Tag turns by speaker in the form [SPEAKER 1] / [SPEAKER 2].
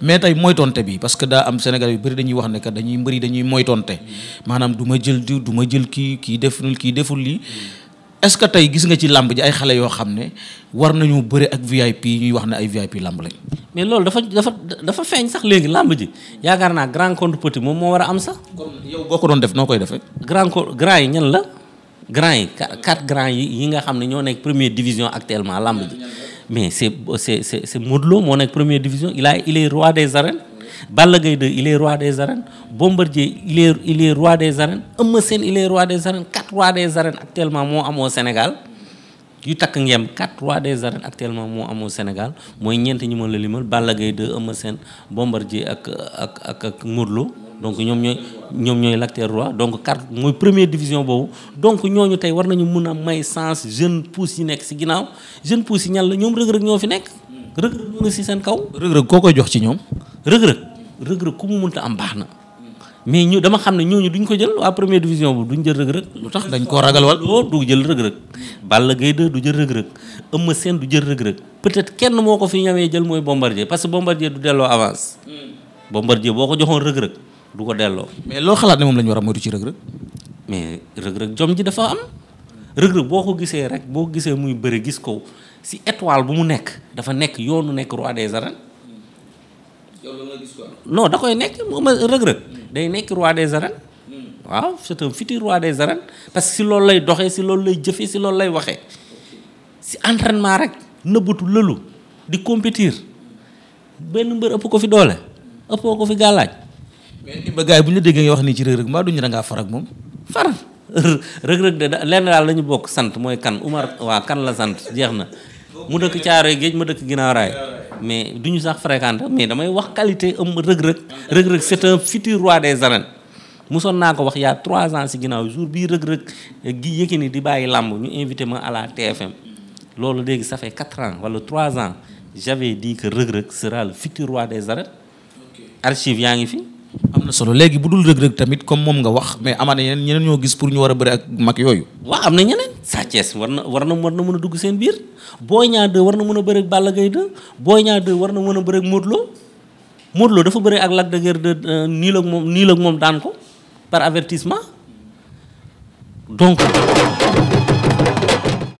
[SPEAKER 1] mais tey moytonte bi parce que daa am Sénégal yu bëri dañuy wax ne que dañuy mbëri dañuy moytonte maanaam du ma jël diw du ma jël kii kii deful kii deful lii est ce que tey gis nga ci làmb ji ay xale yoo xam ne war nañu bëri ak VIP ñuy wax
[SPEAKER 2] ne ay VIP làmb lañ. mais loolu dafa dafa dafa feeñ sax léegi làmb ji yaakaar naa grand contre petit moom moo war a am sax. kon yow boo ko doon def noo koy defee. grand co grand yi ñan la. grand yi quatre grands yi yi nga xam ne ñoo nekk première division actuellement làmb ji. mais c' est c' est c' moo nekk première division il a il roi des arènes Balla Gaye 2 il roi des arènes Bombardier il est il est roi des arènes Eumeu Sène il est roi des arènes quatre rois des arènes actuellement moo amoo Sénégal yu takk ngeem quatre rois des arènes actuellement moo amoo Sénégal mooy ñeent ñu mën la limal Balla Gaye 2 Eumeu Sène Bombardier ak ak ak ak Modou Lô donc ñoom ñooy ñoom ñooy l'acteur roi donc carte mooy première division boobu donc ñooñu tey war nañu mun a may sens jeune pouse yi nekk si ginnaaw jeune pousse yi ñal la ñoom rëg-rëg ñoo fi nekk rëg-rëg mu si seen kaw rëg
[SPEAKER 1] koo koy jox ci ñoom
[SPEAKER 2] rëg-rëg rëg-rëg ku mu munta am baax na mais ñu dama xam ne ñooñu duñ ko jël waa première division bu duñ jël rëg-rëg lu tax dañ koo ragal wal lool du jël rëg-rëg Balla Gaye 2 du jël rëg-rëg ma Sène du jël rëg-rëg peut-être kenn moo ko fi ñawee jël mooy Bombardier parce que Bombardier du delloo avance Bombardier boo ko joxoon rëg-rëg du ko delloo mais loo xalaat ne moom la ñu war a moytu ci rëg-rëg mais rëg-rëg jom ji dafa am rëg-rëg boo ko gisee rek boo ko gisee muy bëri gis ko si étoile bu mu nekk dafa nekk yoonu nekk roi des arènes non da nekk day nekk roi des arènes waaw c'est un futur roi des arènes parce que si loolu lay doxee si loolu lay jëfee si loolu lay waxee si entraînement rek nëbbutu lëlu di compétir benn mbër ëpp ko fi doole ëppoo ko fi gàllaaj mais ni ba gars bu ñu déggee nga wax nii ci Reug Reug maa du ñu ngaa far ak moom far Reug Reug de lenn daal la ñu bokk sant mooy kan Umar waa kan la sant jeex na mu dëkk Caaroy Géej ma dëkk Ginnaaw Raay mais du ñu sax fréquente mais damay wax qualité am rëg-rëg rëg-rëg c'est un roi des arènes musoon naa ko wax yaa trois ans si ginnaaw jour bii rëg-rëg gi Yékini di bàyyi làmb ñu invité ma à la TFM loolu léegi sa fait quatre ans wala trois ans j'avais dit que rëg-rëg sera le roi des arènes archive yaa ngi fi am na solo léegi bu dul rëg-rëg tamit comme moom nga wax mais amaana yeneen ñeneen ñoo gis pour ñu war a bëri ak mag yooyu waaw am na ñeneen Sa war na war na war na mën a dugg seen biir Boy Niang 2 war na mën a bëri ak Balla Gaye 2 Boy Niang 2 war na mën a bëri ak Modou Lo dafa bëri ak lag de Guiers euh, nii la moom nii la moom daan ko par avertissement donc